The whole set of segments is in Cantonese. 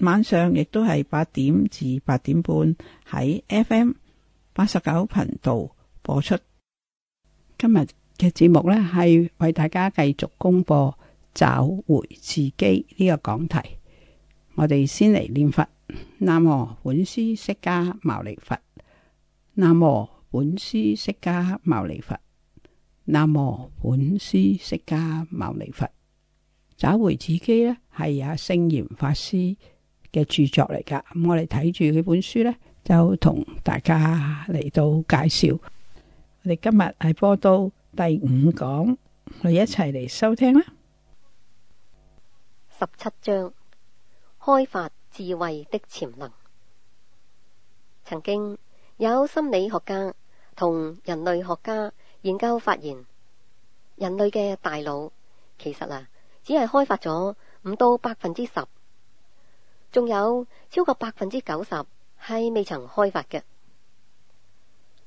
晚上亦都係八點至八點半喺 F M 八十九頻道播出。今日嘅節目呢，係為大家繼續公布找回自己呢個講題。我哋先嚟念佛：南無本師釋迦牟尼佛。南無本師釋迦牟尼佛。南無本師釋迦牟尼佛。找回自己呢，係阿聖賢法師。嘅著作嚟噶，咁我哋睇住佢本書呢，就同大家嚟到介紹。我哋今日係播到第五講，我哋一齊嚟收聽啦。十七章，開發智慧的潛能。曾經有心理學家同人類學家研究發現，人類嘅大腦其實啊，只係開發咗唔到百分之十。仲有超過百分之九十係未曾開發嘅。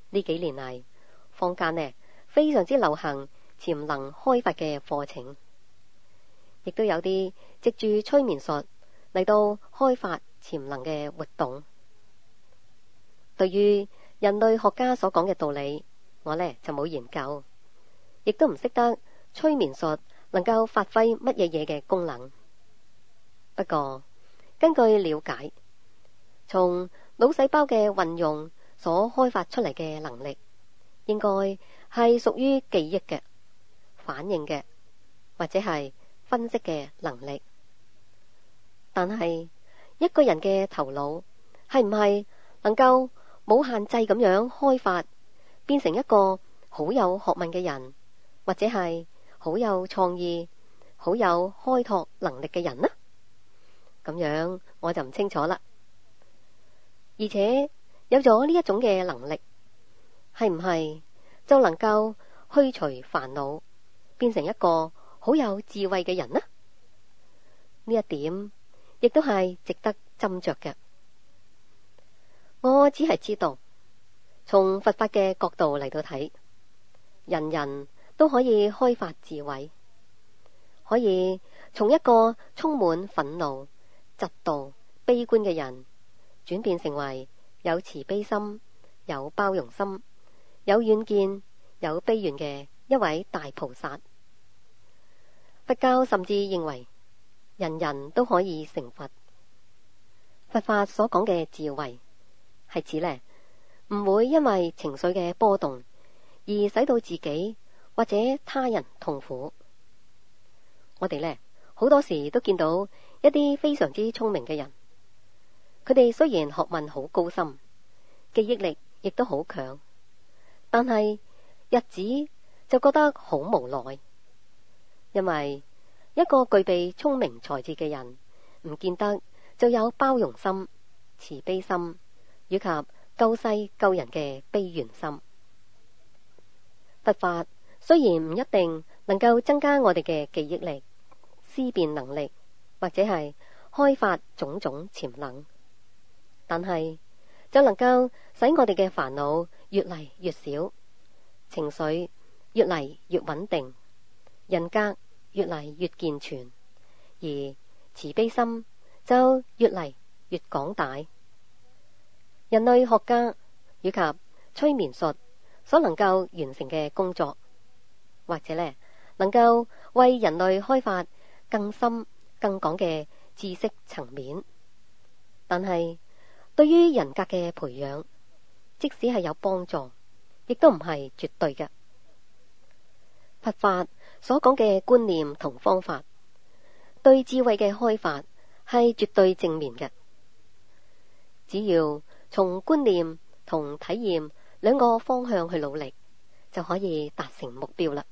呢幾年嚟，坊間呢，非常之流行潛能開發嘅課程，亦都有啲藉住催眠術嚟到開發潛能嘅活動。對於人類學家所講嘅道理，我呢就冇研究，亦都唔識得催眠術能夠發揮乜嘢嘢嘅功能。不過。根據了解，從腦細胞嘅運用所開發出嚟嘅能力，應該係屬於記憶嘅、反應嘅，或者係分析嘅能力。但係一個人嘅頭腦係唔係能夠冇限制咁樣開發，變成一個好有學問嘅人，或者係好有創意、好有開拓能力嘅人呢？咁樣我就唔清楚啦。而且有咗呢一種嘅能力，係唔係就能夠去除煩惱，變成一個好有智慧嘅人呢？呢一點亦都係值得斟酌嘅。我只係知道，從佛法嘅角度嚟到睇，人人都可以開發智慧，可以從一個充滿憤怒。極度悲觀嘅人，轉變成為有慈悲心、有包容心、有遠見、有悲願嘅一位大菩薩。佛教甚至認為人人都可以成佛。佛法所講嘅智慧，係指呢：唔會因為情緒嘅波動而使到自己或者他人痛苦。我哋呢，好多時都見到。一啲非常之聰明嘅人，佢哋雖然學問好高深，記憶力亦都好強，但係日子就覺得好無奈，因為一個具備聰明才智嘅人，唔見得就有包容心、慈悲心，以及救世救人嘅悲願心。佛法雖然唔一定能夠增加我哋嘅記憶力、思辨能力。或者係開發種種潛能，但係就能夠使我哋嘅煩惱越嚟越少，情緒越嚟越穩定，人格越嚟越健全，而慈悲心就越嚟越廣大。人類學家以及催眠術所能夠完成嘅工作，或者呢能夠為人類開發更深。更廣嘅知識層面，但係對於人格嘅培養，即使係有幫助，亦都唔係絕對嘅。佛法所講嘅觀念同方法，對智慧嘅開發係絕對正面嘅。只要從觀念同體驗兩個方向去努力，就可以達成目標啦。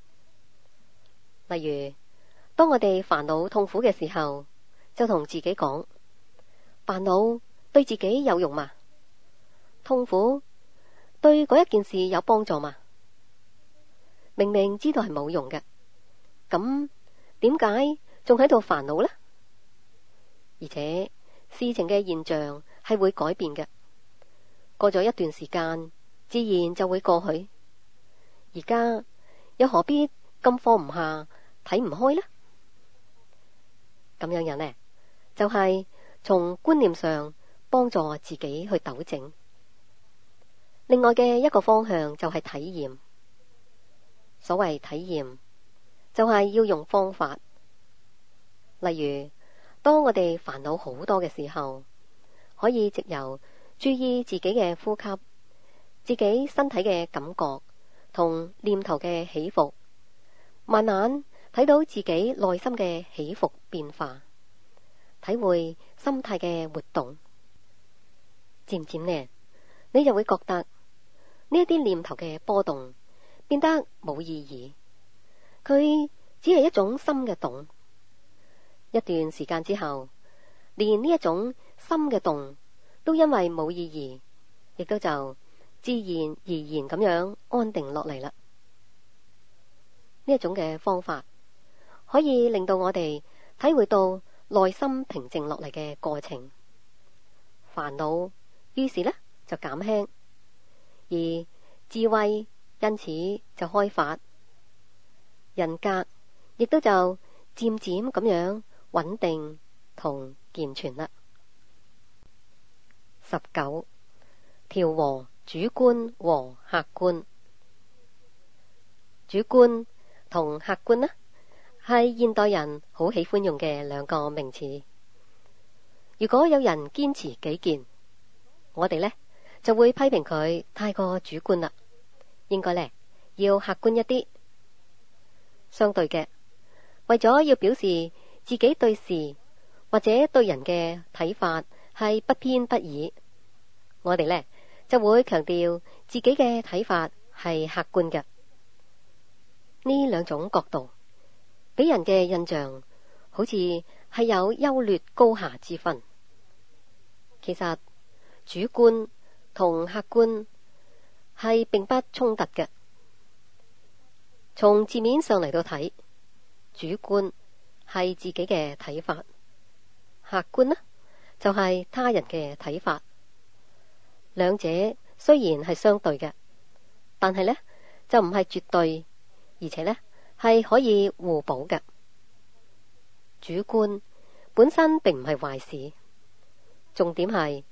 例如，當我哋煩惱痛苦嘅時候，就同自己講：煩惱對自己有用嘛？痛苦對嗰一件事有幫助嘛？明明知道係冇用嘅，咁點解仲喺度煩惱呢？而且事情嘅現象係會改變嘅，過咗一段時間，自然就會過去。而家又何必咁放唔下，睇唔開呢？咁樣樣呢，就係從觀念上幫助自己去糾正。另外嘅一個方向就係體驗。所謂體驗，就係要用方法。例如，當我哋煩惱好多嘅時候，可以藉由注意自己嘅呼吸、自己身體嘅感覺同念頭嘅起伏，慢慢。睇到自己內心嘅起伏變化，體會心態嘅活動，漸漸呢，你就會覺得呢一啲念頭嘅波動變得冇意義，佢只係一種心嘅動。一段時間之後，連呢一種心嘅動都因為冇意義，亦都就自然而然咁樣安定落嚟啦。呢一種嘅方法。可以令到我哋體會到內心平靜落嚟嘅過程，煩惱於是呢，就減輕，而智慧因此就開發，人格亦都就漸漸咁樣穩定同健全啦。十九調和主觀和客觀，主觀同客觀呢，係現代人好喜歡用嘅兩個名詞。如果有人堅持己見，我哋呢就會批評佢太過主觀啦。應該呢，要客觀一啲。相對嘅，為咗要表示自己對事或者對人嘅睇法係不偏不倚，我哋呢就會強調自己嘅睇法係客觀嘅。呢兩種角度。俾人嘅印象好似係有優劣高下之分，其實主觀同客觀係並不衝突嘅。從字面上嚟到睇，主觀係自己嘅睇法，客觀呢就係他人嘅睇法。兩者雖然係相對嘅，但係呢就唔係絕對，而且呢。係可以互補嘅主觀本身並唔係壞事，重點係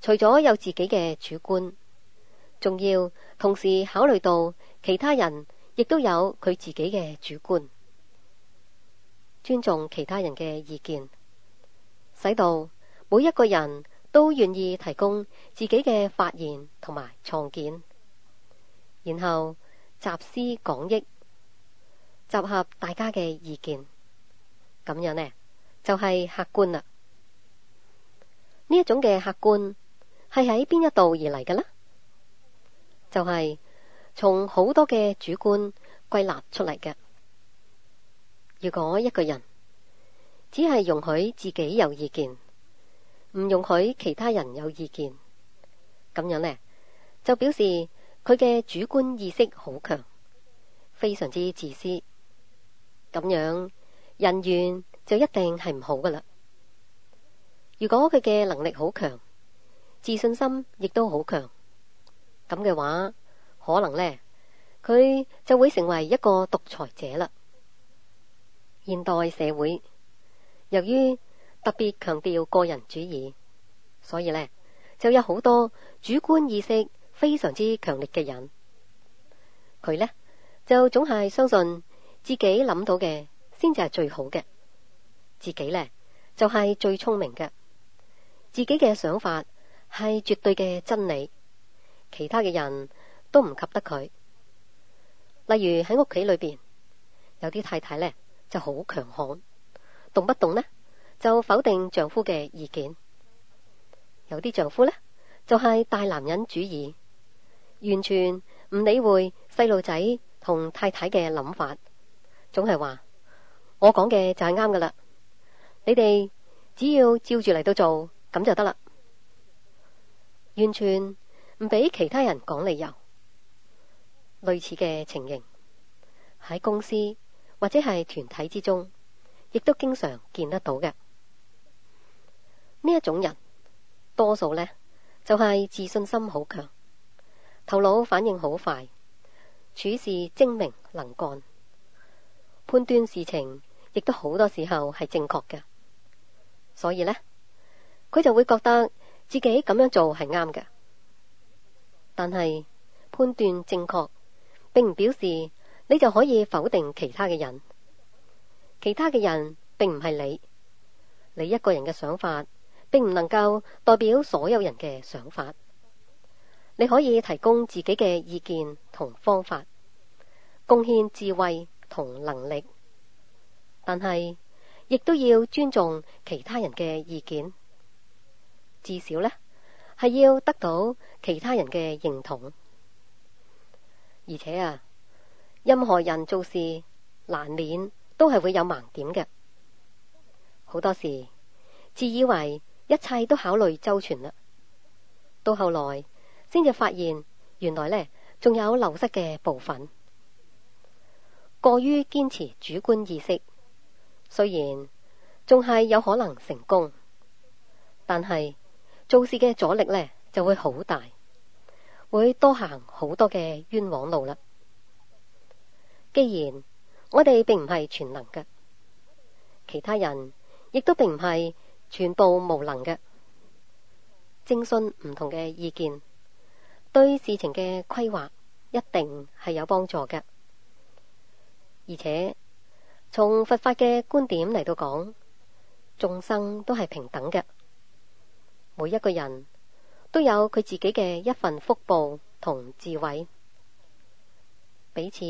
除咗有自己嘅主觀，仲要同時考慮到其他人亦都有佢自己嘅主觀，尊重其他人嘅意見，使到每一個人都願意提供自己嘅發現同埋創建，然後集思廣益。集合大家嘅意見，咁樣呢，就係客觀啦。呢一種嘅客觀係喺邊一度而嚟嘅呢？就係從好多嘅主觀歸納出嚟嘅。如果一個人只係容許自己有意見，唔容許其他人有意見，咁樣呢，就表示佢嘅主觀意識好強，非常之自私。咁樣，人緣就一定係唔好㗎啦。如果佢嘅能力好強，自信心亦都好強，咁嘅話，可能呢，佢就會成為一個獨裁者啦。現代社會，由於特別強調個人主義，所以呢，就有好多主觀意識非常之強烈嘅人，佢呢，就總係相信。自己諗到嘅先至係最好嘅，自己呢，就係最聰明嘅，自己嘅想法係絕對嘅真理，其他嘅人都唔及得佢。例如喺屋企裏邊，有啲太太呢就好強悍，動不動呢就否定丈夫嘅意見；有啲丈夫呢，就係大男人主義，完全唔理會細路仔同太太嘅諗法。總係話我講嘅就係啱㗎啦，你哋只要照住嚟到做咁就得啦，完全唔俾其他人講理由。類似嘅情形喺公司或者係團體之中，亦都經常見得到嘅。呢一種人，多數呢，就係、是、自信心好強，頭腦反應好快，處事精明能幹。判斷事情亦都好多時候係正確嘅，所以呢，佢就會覺得自己咁樣做係啱嘅。但係判斷正確，並唔表示你就可以否定其他嘅人。其他嘅人並唔係你，你一個人嘅想法並唔能夠代表所有人嘅想法。你可以提供自己嘅意見同方法，貢獻智慧，同能力，但係亦都要尊重其他人嘅意見，至少呢係要得到其他人嘅認同。而且啊，任何人做事難免都係會有盲點嘅，好多時自以為一切都考慮周全啦，到後來先至發現原來呢仲有流失嘅部分。過於堅持主觀意識，雖然仲係有可能成功，但係做事嘅阻力呢就會好大，會多行好多嘅冤枉路啦。既然我哋並唔係全能嘅，其他人亦都並唔係全部無能嘅，徵詢唔同嘅意見，對事情嘅規劃一定係有幫助嘅。而且從佛法嘅觀點嚟到講，眾生都係平等嘅，每一個人都有佢自己嘅一份福報同智慧。彼此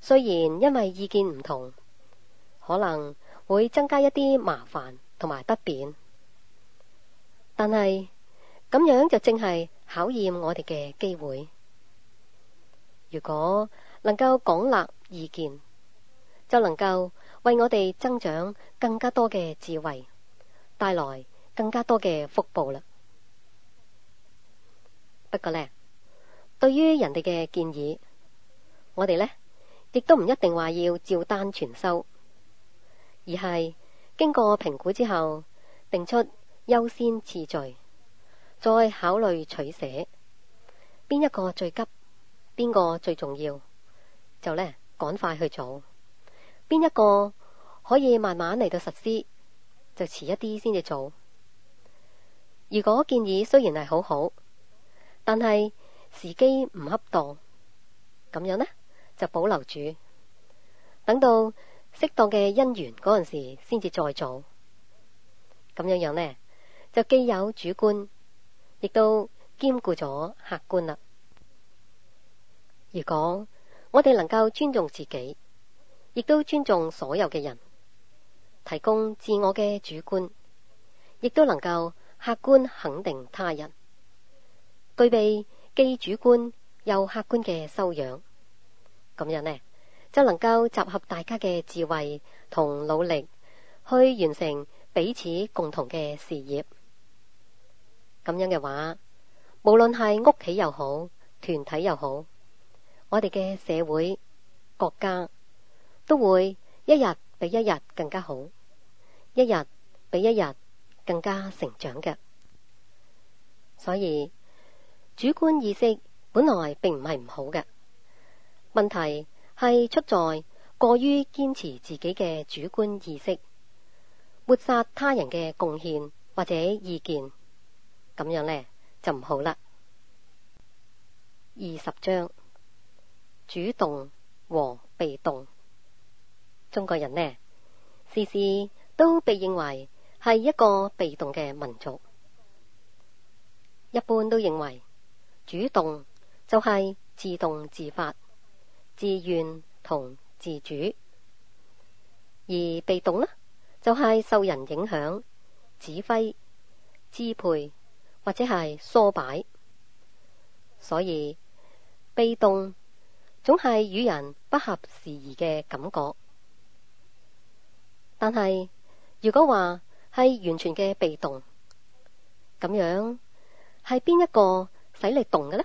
雖然因為意見唔同，可能會增加一啲麻煩同埋不便，但係咁樣就正係考驗我哋嘅機會。如果能夠廣納意見。就能夠為我哋增長更加多嘅智慧，帶來更加多嘅福報啦。不過呢，對於人哋嘅建議，我哋呢亦都唔一定話要照單全收，而係經過評估之後，定出優先次序，再考慮取捨，邊一個最急，邊個最重要，就呢趕快去做。邊一個可以慢慢嚟到實施，就遲一啲先至做。如果建議雖然係好好，但係時機唔恰當，咁樣呢，就保留住，等到適當嘅因緣嗰陣時先至再做。咁樣樣呢，就既有主觀，亦都兼顧咗客觀啦。如果我哋能夠尊重自己。亦都尊重所有嘅人，提供自我嘅主觀，亦都能夠客觀肯定他人，具備既主觀又客觀嘅修養。咁樣呢，就能夠集合大家嘅智慧同努力，去完成彼此共同嘅事業。咁樣嘅話，無論係屋企又好，團體又好，我哋嘅社會、國家。都會一日比一日更加好，一日比一日更加成長嘅。所以主觀意識本來並唔係唔好嘅，問題係出在過於堅持自己嘅主觀意識，抹殺他人嘅貢獻或者意見，咁樣呢，就唔好啦。二十章，主動和被動。中國人呢，時時都被認為係一個被動嘅民族。一般都認為主動就係自動自發、自願同自主，而被動呢，就係、是、受人影響、指揮、支配或者係梳擺。所以被動總係與人不合時宜嘅感覺。但係，如果話係完全嘅被動咁樣，係邊一個使力動嘅呢？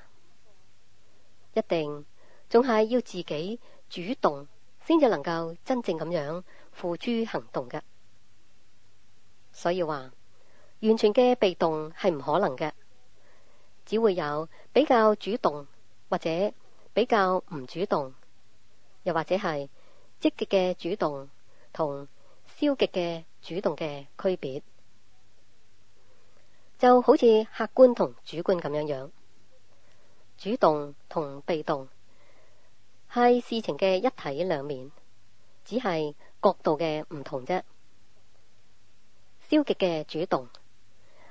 一定仲係要自己主動，先至能夠真正咁樣付諸行動嘅。所以話，完全嘅被動係唔可能嘅，只會有比較主動或者比較唔主動，又或者係積極嘅主動同，消極嘅主動嘅區別，就好似客觀同主觀咁樣樣，主動同被動係事情嘅一體兩面，只係角度嘅唔同啫。消極嘅主動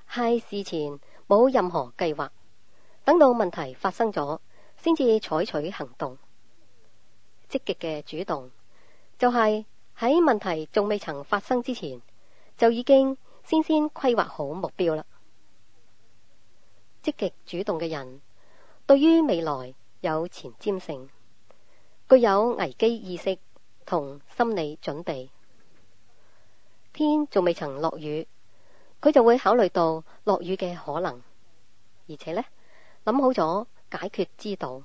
係事前冇任何計劃，等到問題發生咗先至採取行動。積極嘅主動就係。喺問題仲未曾發生之前，就已經先先規劃好目標啦。積極主動嘅人，對於未來有前瞻性，具有危機意識同心理準備。天仲未曾落雨，佢就會考慮到落雨嘅可能，而且呢，諗好咗解決之道，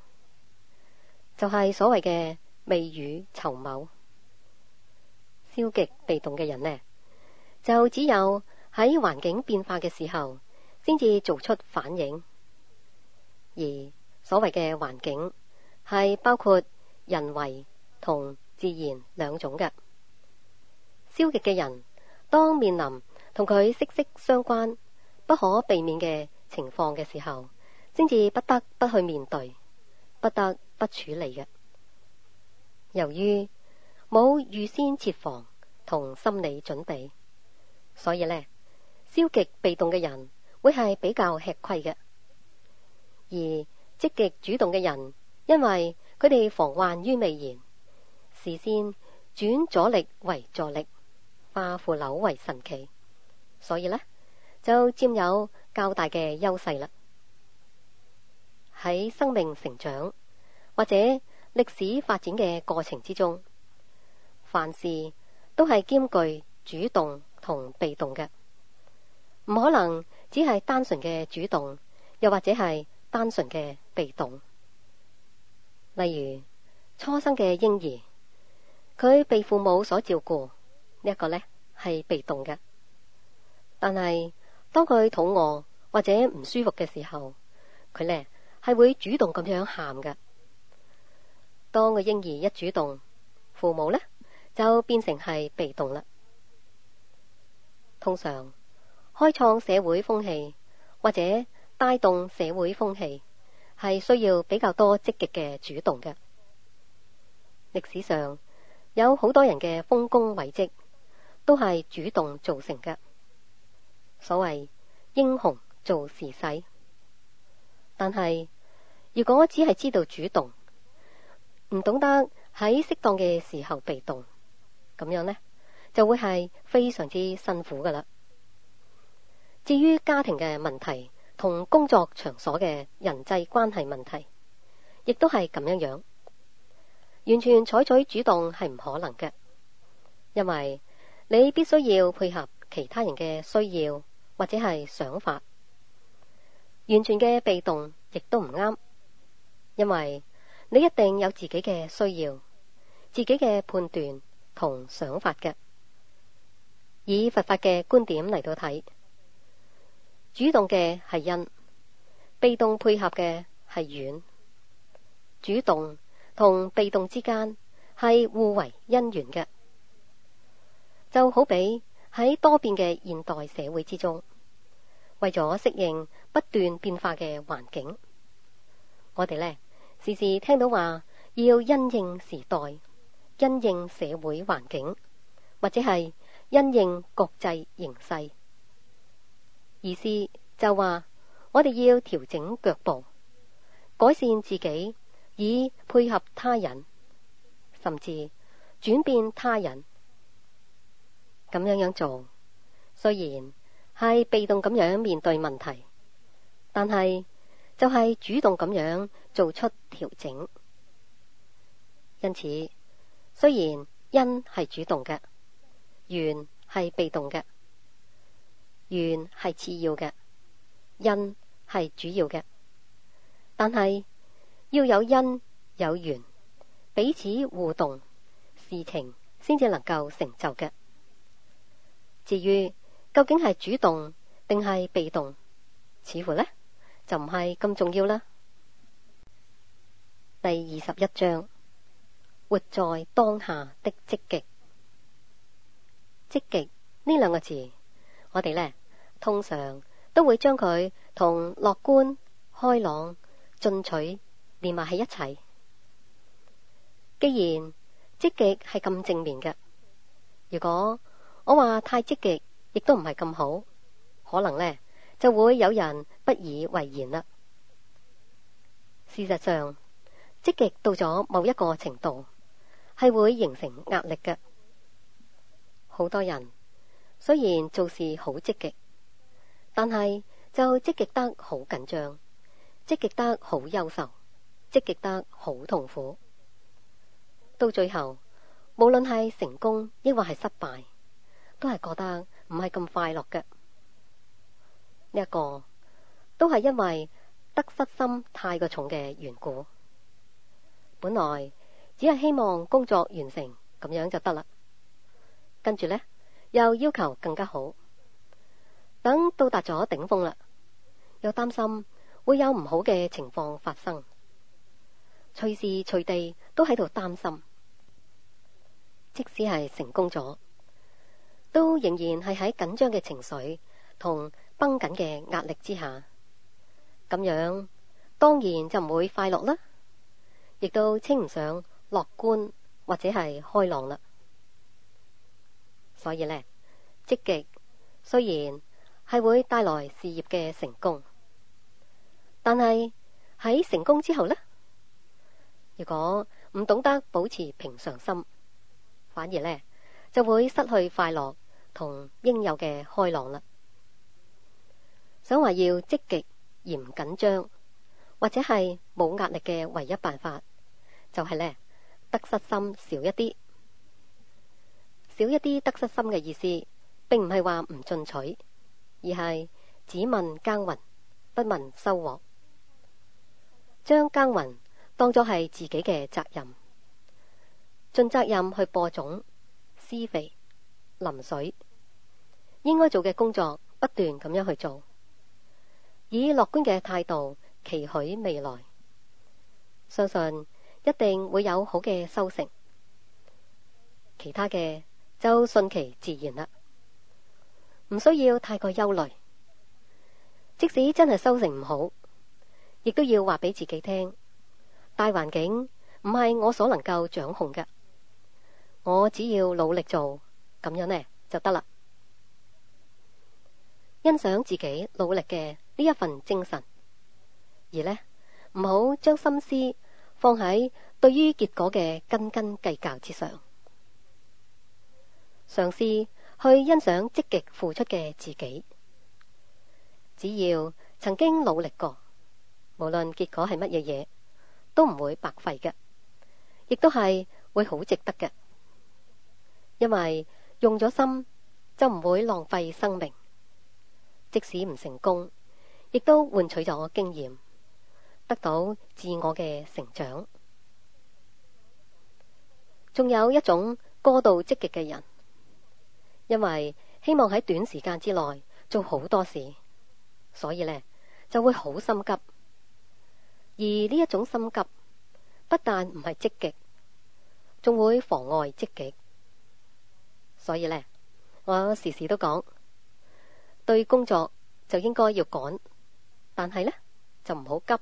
就係所謂嘅未雨綢繆。消極被動嘅人呢，就只有喺環境變化嘅時候，先至做出反應。而所謂嘅環境，係包括人為同自然兩種嘅。消極嘅人，當面臨同佢息息相關、不可避免嘅情況嘅時候，先至不得不去面對，不得不處理嘅。由於冇預先設防同心理準備，所以呢，消極被動嘅人會係比較吃虧嘅，而積極主動嘅人，因為佢哋防患於未然，事先轉阻力為助力，化腐朽為神奇，所以呢，就佔有較大嘅優勢啦。喺生命成長或者歷史發展嘅過程之中。凡事都係兼具主動同被動嘅，唔可能只係單純嘅主動，又或者係單純嘅被動。例如初生嘅嬰兒，佢被父母所照顧呢一、這個呢係被動嘅，但係當佢肚餓或者唔舒服嘅時候，佢呢係會主動咁樣喊嘅。當個嬰兒一主動，父母呢。就變成係被動啦。通常，開創社會風氣或者帶動社會風氣，係需要比較多積極嘅主動嘅。歷史上有好多人嘅豐功偉績都係主動造成嘅，所謂英雄做時勢。但係如果只係知道主動，唔懂得喺適當嘅時候被動。咁樣呢，就會係非常之辛苦噶啦。至於家庭嘅問題同工作場所嘅人際關係問題，亦都係咁樣樣，完全採取主動係唔可能嘅，因為你必須要配合其他人嘅需要或者係想法。完全嘅被動亦都唔啱，因為你一定有自己嘅需要，自己嘅判斷。同想法嘅，以佛法嘅觀點嚟到睇，主動嘅係因，被動配合嘅係緣，主動同被動之間係互為因緣嘅，就好比喺多變嘅現代社會之中，為咗適應不斷變化嘅環境，我哋呢時時聽到話要因應時代。因應社會環境，或者係因應國際形勢，意思就話我哋要調整腳步，改善自己，以配合他人，甚至轉變他人。咁樣樣做，雖然係被動咁樣面對問題，但係就係主動咁樣做出調整。因此。雖然因係主動嘅，緣係被動嘅，緣係次要嘅，因係主要嘅。但係要有因有緣，彼此互動，事情先至能夠成就嘅。至於究竟係主動定係被動，似乎呢就唔係咁重要啦。第二十一章。活在當下的積極，積極呢兩個字，我哋呢通常都會將佢同樂觀、開朗、進取連埋喺一齊。既然積極係咁正面嘅，如果我話太積極，亦都唔係咁好，可能呢就會有人不以為然啦。事實上，積極到咗某一個程度。係會形成壓力嘅，好多人雖然做事好積極，但係就積極得好緊張，積極得好優秀，積極得好痛苦，到最後無論係成功抑或係失敗，都係覺得唔係咁快樂嘅。呢一個都係因為得失心太過重嘅緣故，本來。只係希望工作完成咁樣就得啦。跟住呢，又要求更加好。等到達咗頂峰啦，又擔心會有唔好嘅情況發生，隨時隨地都喺度擔心。即使係成功咗，都仍然係喺緊張嘅情緒同繃緊嘅壓力之下，咁樣當然就唔會快樂啦，亦都稱唔上。樂觀或者係開朗啦，所以呢，積極雖然係會帶來事業嘅成功，但係喺成功之後呢，如果唔懂得保持平常心，反而呢就會失去快樂同應有嘅開朗啦。想話要積極，而唔緊張或者係冇壓力嘅唯一辦法就係、是、呢。得失心少一啲，少一啲得失心嘅意思，並唔係話唔進取，而係只問耕耘，不問收穫。將耕耘當作係自己嘅責任，盡責任去播種、施肥、淋水，應該做嘅工作不斷咁樣去做，以樂觀嘅態度期許未來，相信。一定會有好嘅收成，其他嘅就順其自然啦，唔需要太過憂慮。即使真係收成唔好，亦都要話俾自己聽，大環境唔係我所能夠掌控嘅，我只要努力做，咁樣呢就得啦。欣賞自己努力嘅呢一份精神，而呢唔好將心思。放喺對於結果嘅斤斤計較之上，嘗試去欣賞積極付出嘅自己。只要曾經努力過，無論結果係乜嘢嘢，都唔會白費嘅，亦都係會好值得嘅。因為用咗心，就唔會浪費生命。即使唔成功，亦都換取咗經驗。得到自我嘅成長。仲有一種過度積極嘅人，因為希望喺短時間之內做好多事，所以呢就會好心急。而呢一種心急不但唔係積極，仲會妨礙積極。所以呢，我時時都講，對工作就應該要趕，但係呢就唔好急。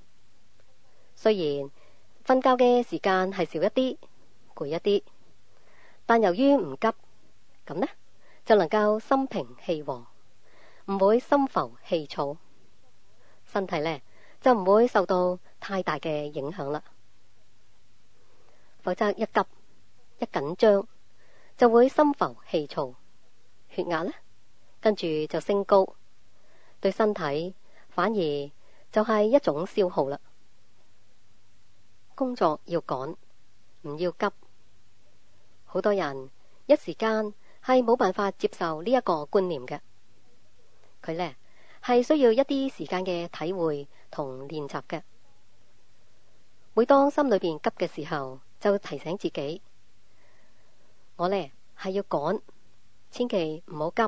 雖然瞓覺嘅時間係少一啲，攰一啲，但由於唔急，咁呢就能夠心平氣和，唔會心浮氣躁，身體呢就唔會受到太大嘅影響啦。否則一急一緊張，就會心浮氣躁，血壓呢跟住就升高，對身體反而就係一種消耗啦。工作要趕，唔要急。好多人一時間係冇辦法接受呢一個觀念嘅，佢呢係需要一啲時間嘅體會同練習嘅。每當心裏面急嘅時候，就提醒自己，我呢係要趕，千祈唔好急。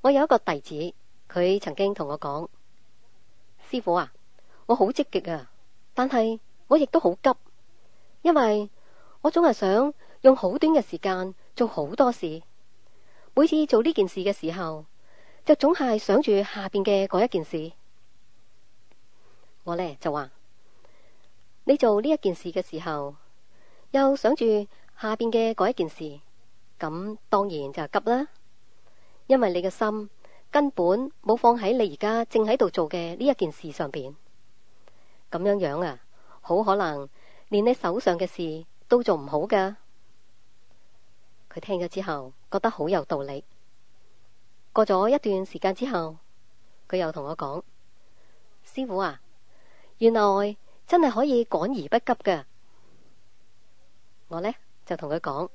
我有一個弟子，佢曾經同我講：「師傅啊，我好積極啊！但係我亦都好急，因為我總係想用好短嘅時間做好多事。每次做呢件事嘅時候，就總係想住下邊嘅嗰一件事。我呢就話，你做呢一件事嘅時候，又想住下邊嘅嗰一件事，咁當然就急啦。因為你嘅心根本冇放喺你而家正喺度做嘅呢一件事上邊。咁樣樣啊，好可能連你手上嘅事都做唔好㗎。佢聽咗之後，覺得好有道理。過咗一段時間之後，佢又同我講：師傅啊，原來真係可以趕而不急㗎。我呢，就同佢講，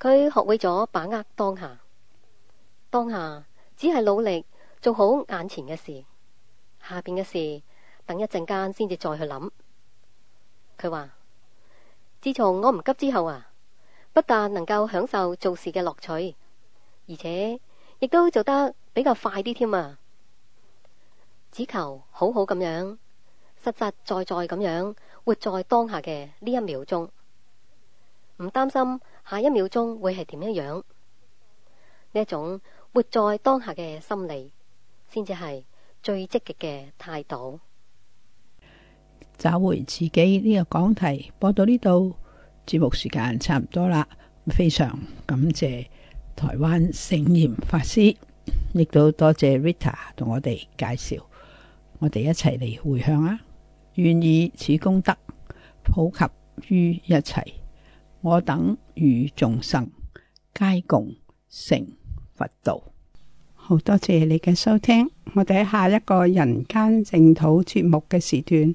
佢學會咗把握當下，當下只係努力做好眼前嘅事，下面嘅事。等一陣間先至再去諗。佢話自從我唔急之後啊，不但能夠享受做事嘅樂趣，而且亦都做得比較快啲添啊。只求好好咁樣，實實在在咁樣活在當下嘅呢一秒鐘，唔擔心下一秒鐘會係點樣樣呢，呢種活在當下嘅心理，先至係最積極嘅態度。找回自己呢個講題播到呢度，節目時間差唔多啦。非常感謝台灣聖嚴法師，亦都多謝 Rita 同我哋介紹，我哋一齊嚟回向啊！願以此功德普及於一切我等與眾生，皆共成佛道。好多謝你嘅收聽，我哋喺下一個人間淨土節目嘅時段。